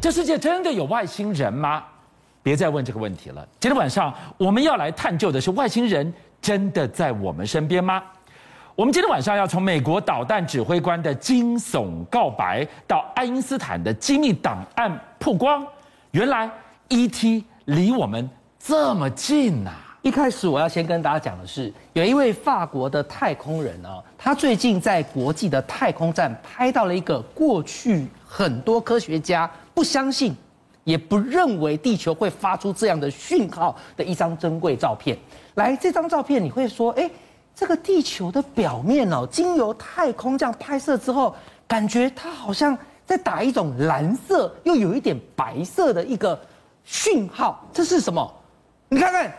這世界真的有外星人嗎？別再問這個問題了。今天晚上我們要來探究的是：外星人真的在我們身邊嗎？我們今天晚上要從美國導彈指揮官的驚悚告白，到愛因斯坦的機密檔案曝光，原來 ET 離我們這麼近啊！一開始我要先跟大家講的是，有一位法國的太空人啊，他最近在國際的太空站拍到了一個過去很多科學家，不相信，也不認為地球會發出這樣的訊號的一張珍貴照片。來，這張照片你會說，欸，“這個地球的表面哦、喔，經由太空這樣拍攝之後，感覺它好像在打一種藍色又有一點白色的一個訊號。這是什麼？你看看，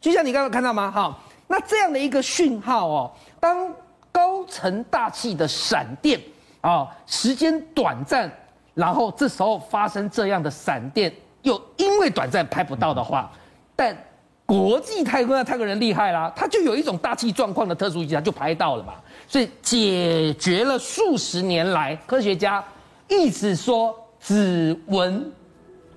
就像你剛剛看到嗎？哈，那這樣的一個訊號哦、喔，當高層大氣的閃電啊，時間短暫。”然後這時候發生這樣的閃電，又因為短暫拍不到的話，但國際太空的太空人厲害啦，他就有一種大氣狀況的特殊現象，就拍到了嘛，所以解決了數十年來科學家一直說只聞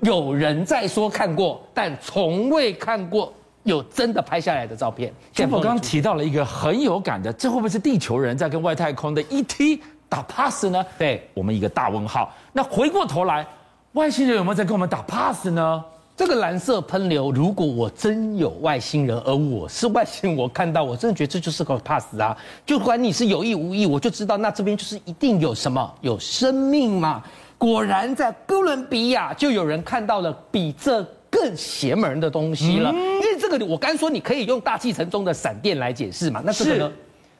有人在說看過，但從未看過有真的拍下來的照片。中博剛剛提到了一個很有感的，這會不會是地球人在跟外太空的 ET 打 pass 呢？對，我們一個大問號。那回過頭來，外星人有沒有在跟我們打 pass 呢？這個藍色噴流，如果我真有外星人，而我是外星人，我看到，我真的覺得這就是個 pass 啊！就管你是有意無意，我就知道，那這邊就是一定有什麼，有生命嘛。果然，在哥倫比亞就有人看到了比這更邪門的東西了。嗯、因為這個，我剛才說你可以用大氣層中的閃電來解釋嘛。那這個呢？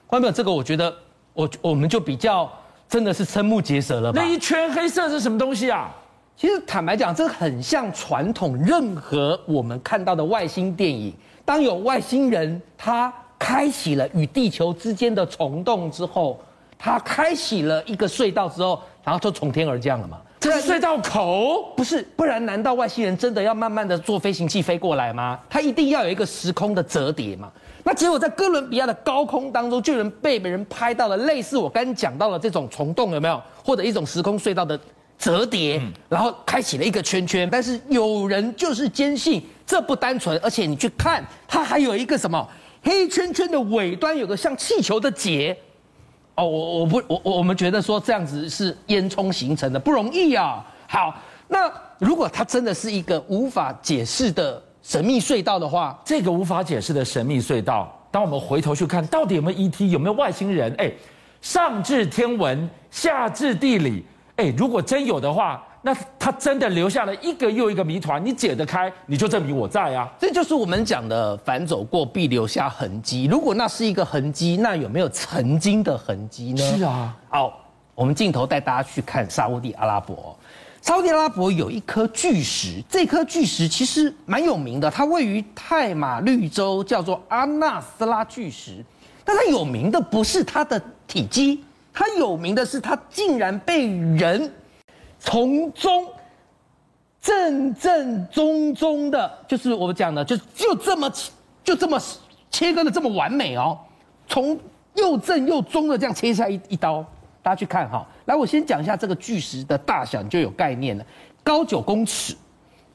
關不了，這個我覺得我，我我們就比較。真的是瞠目結舌了嗎，那一圈黑色是什麼東西啊？其實坦白講，這很像傳統任何我們看到的外星電影，當有外星人他開啟了與地球之間的蟲洞之後，他開啟了一個隧道之後，然後就從天而降了嘛。這是隧道口，不是？不然難道外星人真的要慢慢的坐飛行器飛過來嗎？它一定要有一個時空的折疊嗎？那結果在哥倫比亞的高空當中，就能被別人拍到了類似我剛講到的這種蟲洞，有沒有？或者一種時空隧道的折疊，然後開啟了一個圈圈。但是有人就是堅信這不單純，而且你去看它還有一個什麼黑圈圈的尾端有個像氣球的結。哦，我不我不我我我們覺得說這樣子是煙囪形成的，不容易啊。好，那如果它真的是一個無法解釋的神秘隧道的話，這個無法解釋的神秘隧道，當我們回頭去看，到底有沒有 ET，有沒有外星人？哎，上至天文，下至地理，哎，如果真有的話。那他真的留下了一個又一個謎團，你解得開，你就證明我在啊！這就是我們講的“凡走過必留下痕跡”。如果那是一個痕跡，那有沒有曾經的痕跡呢？是啊。好、哦，我們鏡頭帶大家去看沙烏地阿拉伯。沙烏地阿拉伯有一顆巨石，這顆巨石其實蠻有名的，它位於泰馬綠洲，叫做阿納斯拉巨石。但它有名的不是它的體積，它有名的是它竟然被人。從中正正中中的，就是我們講的，就就這麼就這麼切割得這麼完美哦，從又正又中的這樣切下一一刀，大家去看哈、哦。來，我先講一下這個巨石的大小，就有概念了。高九公尺，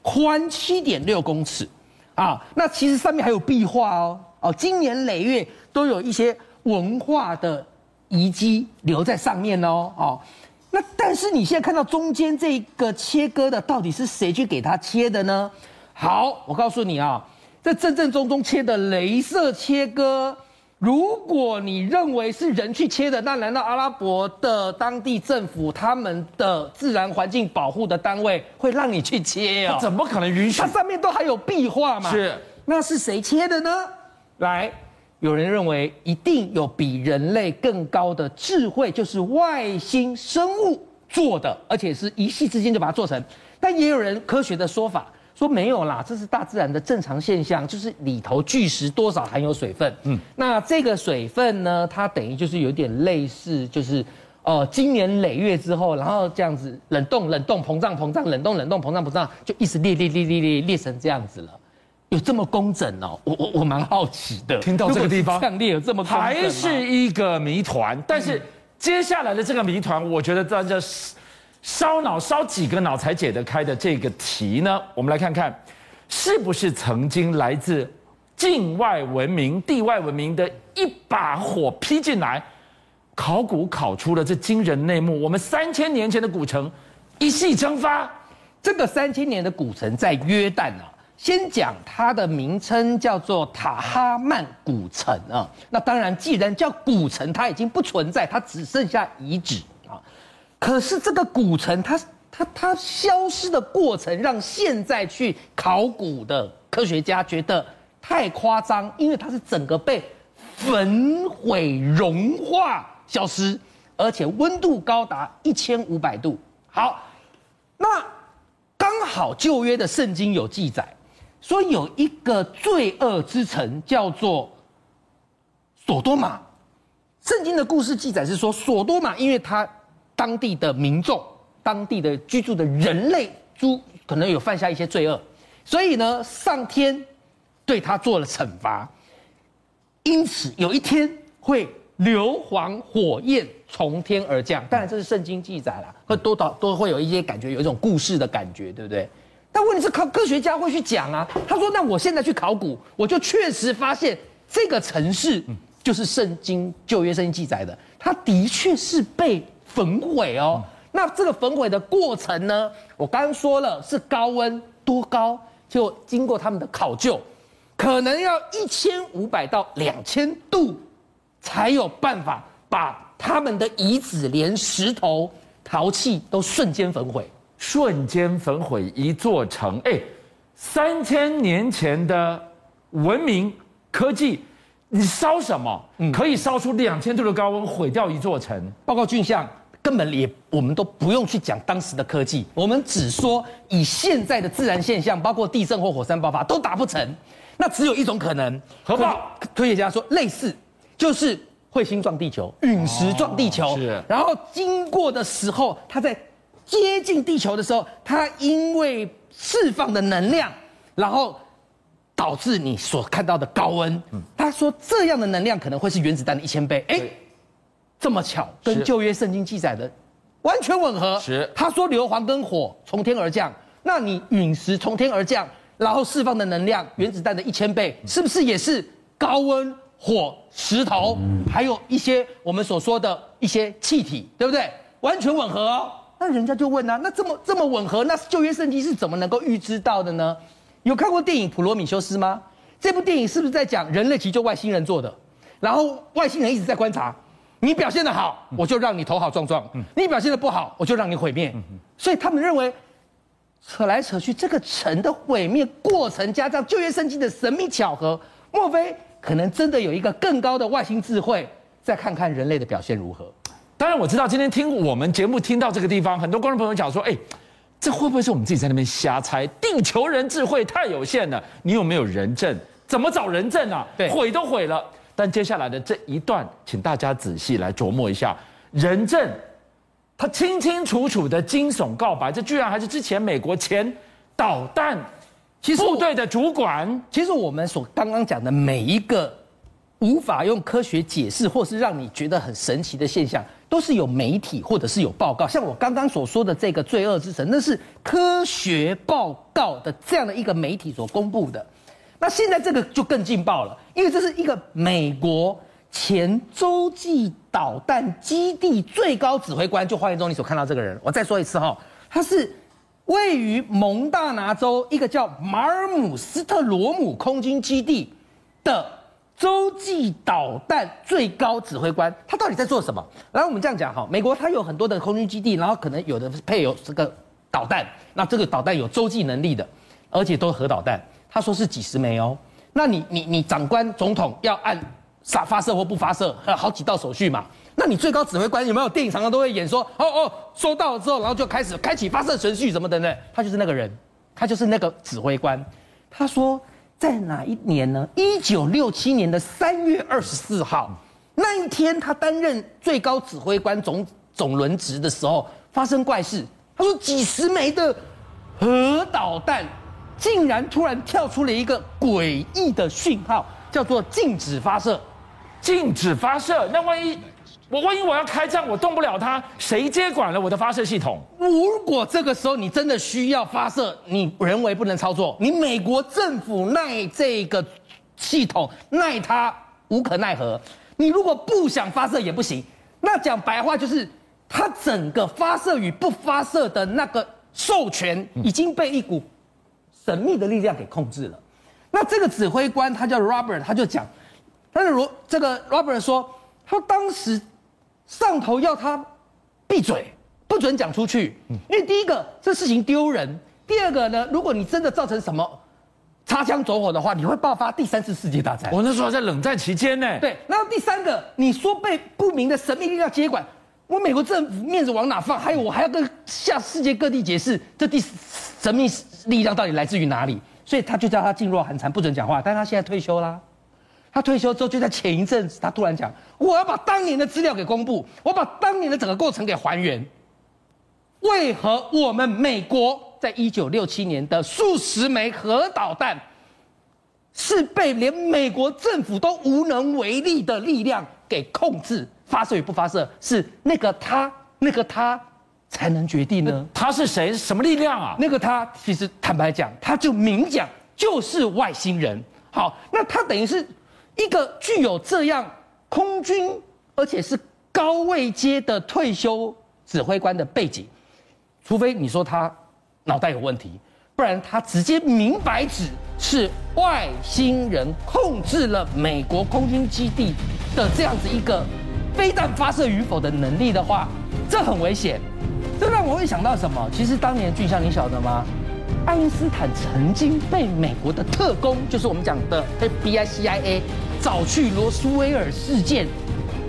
寬七點六公尺啊。那其實上面還有壁畫哦，哦，經年累月都有一些文化的遺跡留在上面哦，哦、啊。那但是你現在看到中間這一個切割的，到底是誰去給它切的呢？對好，我告訴你啊，這正正中中切的鐳射切割，如果你認為是人去切的，那難道阿拉伯的當地政府他們的自然環境保護的單位會讓你去切啊、哦？怎麼可能允許？它上面都還有壁畫嘛？是，那是誰切的呢？來。有人認為一定有比人類更高的智慧，就是外星生物做的，而且是一夕之間就把它做成。但也有人科學的說法說沒有啦，這是大自然的正常現象，就是裡頭巨石多少含有水分。嗯，那這個水分呢，它等於就是有點類似，就是哦，經年累月之後，然後這樣子冷凍、冷凍、膨脹、膨脹、冷凍、冷凍、膨脹、膨脹，就一直裂、裂、裂、裂、裂、裂成這樣子了。有這麼工整哦，我我我蠻好奇的。聽到這個地方，項鏈有這麼工整還是一個謎團。但是接下來的這個謎團，嗯、我覺得大家燒腦燒幾個腦才解得開的這個題呢？我們來看看，是不是曾經來自境外文明、地外文明的一把火劈進來，考古考出了這驚人內幕？我們三千年前的古城一夕蒸發，這個三千年的古城在約旦呢、啊？先講它的名稱叫做塔哈曼古城啊，那當然，既然叫古城，它已經不存在，它只剩下遺址啊。可是這個古城它，它它它消失的過程，讓現在去考古的科學家覺得太誇張，因為它是整個被焚毀、融化、消失，而且溫度高達一千五百度。好，那剛好舊約的聖經有記載。說有一個罪惡之城叫做所多瑪，聖經的故事記載是說，所多瑪因為他當地的民眾、當地的居住的人類，諸可能有犯下一些罪惡，所以呢，上天對他做了懲罰，因此有一天會硫磺火焰從天而降。當然這是聖經記載啦，會多導都會有一些感覺，有一種故事的感覺，對不對？但問題是，靠科學家會去講啊。他說：“那我現在去考古，我就確實發現這個城市就是聖經舊約聖經記載的，它的確是被焚毀哦。那這個焚毀的過程呢？我剛剛說了是高溫，多高？就經過他們的考究，可能要一千五百到兩千度，才有辦法把他們的遺址、連石頭、陶器都瞬間焚毀。”瞬間焚毀一座城，哎，三千年前的文明科技，你燒什麼？嗯，可以燒出兩千度的高溫，毀掉一座城。報告俊相，根本也我們都不用去講當時的科技，我們只說以現在的自然現象，包括地震或火山爆發都達不成，那只有一種可能。何況科學家說類似，就是彗星撞地球、隕石撞地球，哦，是然後經過的時候，它在。接近地球的時候，它因為釋放的能量，然後導致你所看到的高溫。他、嗯、說這樣的能量可能會是原子彈的一千倍。哎，對這麼巧，跟舊約聖經記載的是完全吻合。他是說硫磺跟火從天而降，那你隕石從天而降，然後釋放的能量，原子彈的一千倍，嗯、是不是也是高溫、火、石頭，嗯、還有一些我們所說的一些氣體，對不對？完全吻合哦。那人家就問啊，那這麼這麼吻合，那舊約聖經是怎麼能夠預知到的呢？有看過電影《普羅米修斯》嗎？這部電影是不是在講人類急救外星人做的？然後外星人一直在觀察，你表現的好，我就讓你頭好壯壯；嗯、你表現的不好，我就讓你毀滅。嗯、所以他們認為，扯來扯去，這個城的毀滅過程加上舊約聖經的神秘巧合，莫非可能真的有一個更高的外星智慧？再看看人類的表現如何？當然，我知道今天聽我們節目聽到這個地方，很多觀眾朋友講說：“哎，這會不會是我們自己在那邊瞎猜？地球人智慧太有限了，你有沒有人證，怎麼找人證啊？”對，毀都毀了。但接下來的這一段，請大家仔細來琢磨一下，人證他清清楚楚的驚悚告白，這居然還是之前美國前導彈其實部隊的主管。其實我們所剛剛講的每一個無法用科學解釋，或是讓你覺得很神奇的現象。都是有媒體或者是有報告，像我剛剛所說的這個“罪惡之城”，那是科學報告的這樣的一個媒體所公布的。那現在這個就更勁爆了，因為這是一個美國前洲際導彈基地最高指揮官，就畫面中你所看到這個人。我再說一次哈、哦，他是位於蒙大拿州一個叫馬爾姆斯特羅姆空軍基地的。洲際導彈最高指揮官，他到底在做什麼？然後我們這樣講哈，美國它有很多的空軍基地，然後可能有的配有這個導彈，那這個導彈有洲際能力的，而且都是核導彈。他說是幾十枚哦，那你你你長官總統要按啥發射或不發射，還、呃、有好幾道手續嘛。那你最高指揮官有沒有電影常常都會演說，哦哦，收到了之後，然後就開始開啟發射程序什麼等等，他就是那個人，他就是那個指揮官，他說，在哪一年呢？一九六七年的三月二十四號，那一天他擔任最高指揮官總總輪值的時候，發生怪事。他說，幾十枚的核導彈，竟然突然跳出了一個詭異的訊號，叫做“禁止發射，禁止發射”。那萬一……我萬一我要開戰，我動不了它，誰接管了我的發射系統？如果這個時候你真的需要發射，你人為不能操作，你美國政府奈這個系統奈他無可奈何。你如果不想發射也不行。那講白話就是，他整個發射與不發射的那個授權已經被一股神秘的力量給控制了。嗯、那這個指揮官他叫 Robert，他就講，但是如這個 Robert 說，他當時。上頭要他閉嘴，不准講出去。因為第一個，這事情丟人；第二個呢，如果你真的造成什麼擦槍走火的話，你會爆發第三次世界大戰。我那時候在冷戰期間呢。對，然後第三個，你說被不明的神秘力量接管，我美國政府面子往哪放？還有我還要跟下世界各地解釋這第十神秘力量到底來自於哪裡？所以他就叫他噤若寒蟬，不准講話。但他現在退休啦。他退休之後，就在前一陣子，他突然講：“我要把當年的資料給公布，我把當年的整個過程給還原。為何我們美國在一九六七年的數十枚核導彈，是被連美國政府都無能為力的力量給控制發射與不發射，是那個他那個他才能決定呢？他是誰？是什麼力量啊？那個他其實坦白講，他就明講，就是外星人。好，那他等於是。”一個具有這樣空軍，而且是高位階的退休指揮官的背景，除非你說他腦袋有問題，不然他直接明擺著是外星人控制了美國空軍基地的這樣子一個飛彈發射與否的能力的話，這很危險。這讓我會想到什麼？其實當年的俊相你曉得嗎？愛因斯坦曾經被美國的特工，就是我們講的 FBI、CIA。早去羅斯威爾事件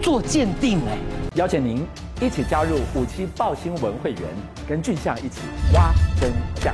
做鑑定哎、欸！邀請您一起加入五七爆新聞會員，跟俊相一起挖真相。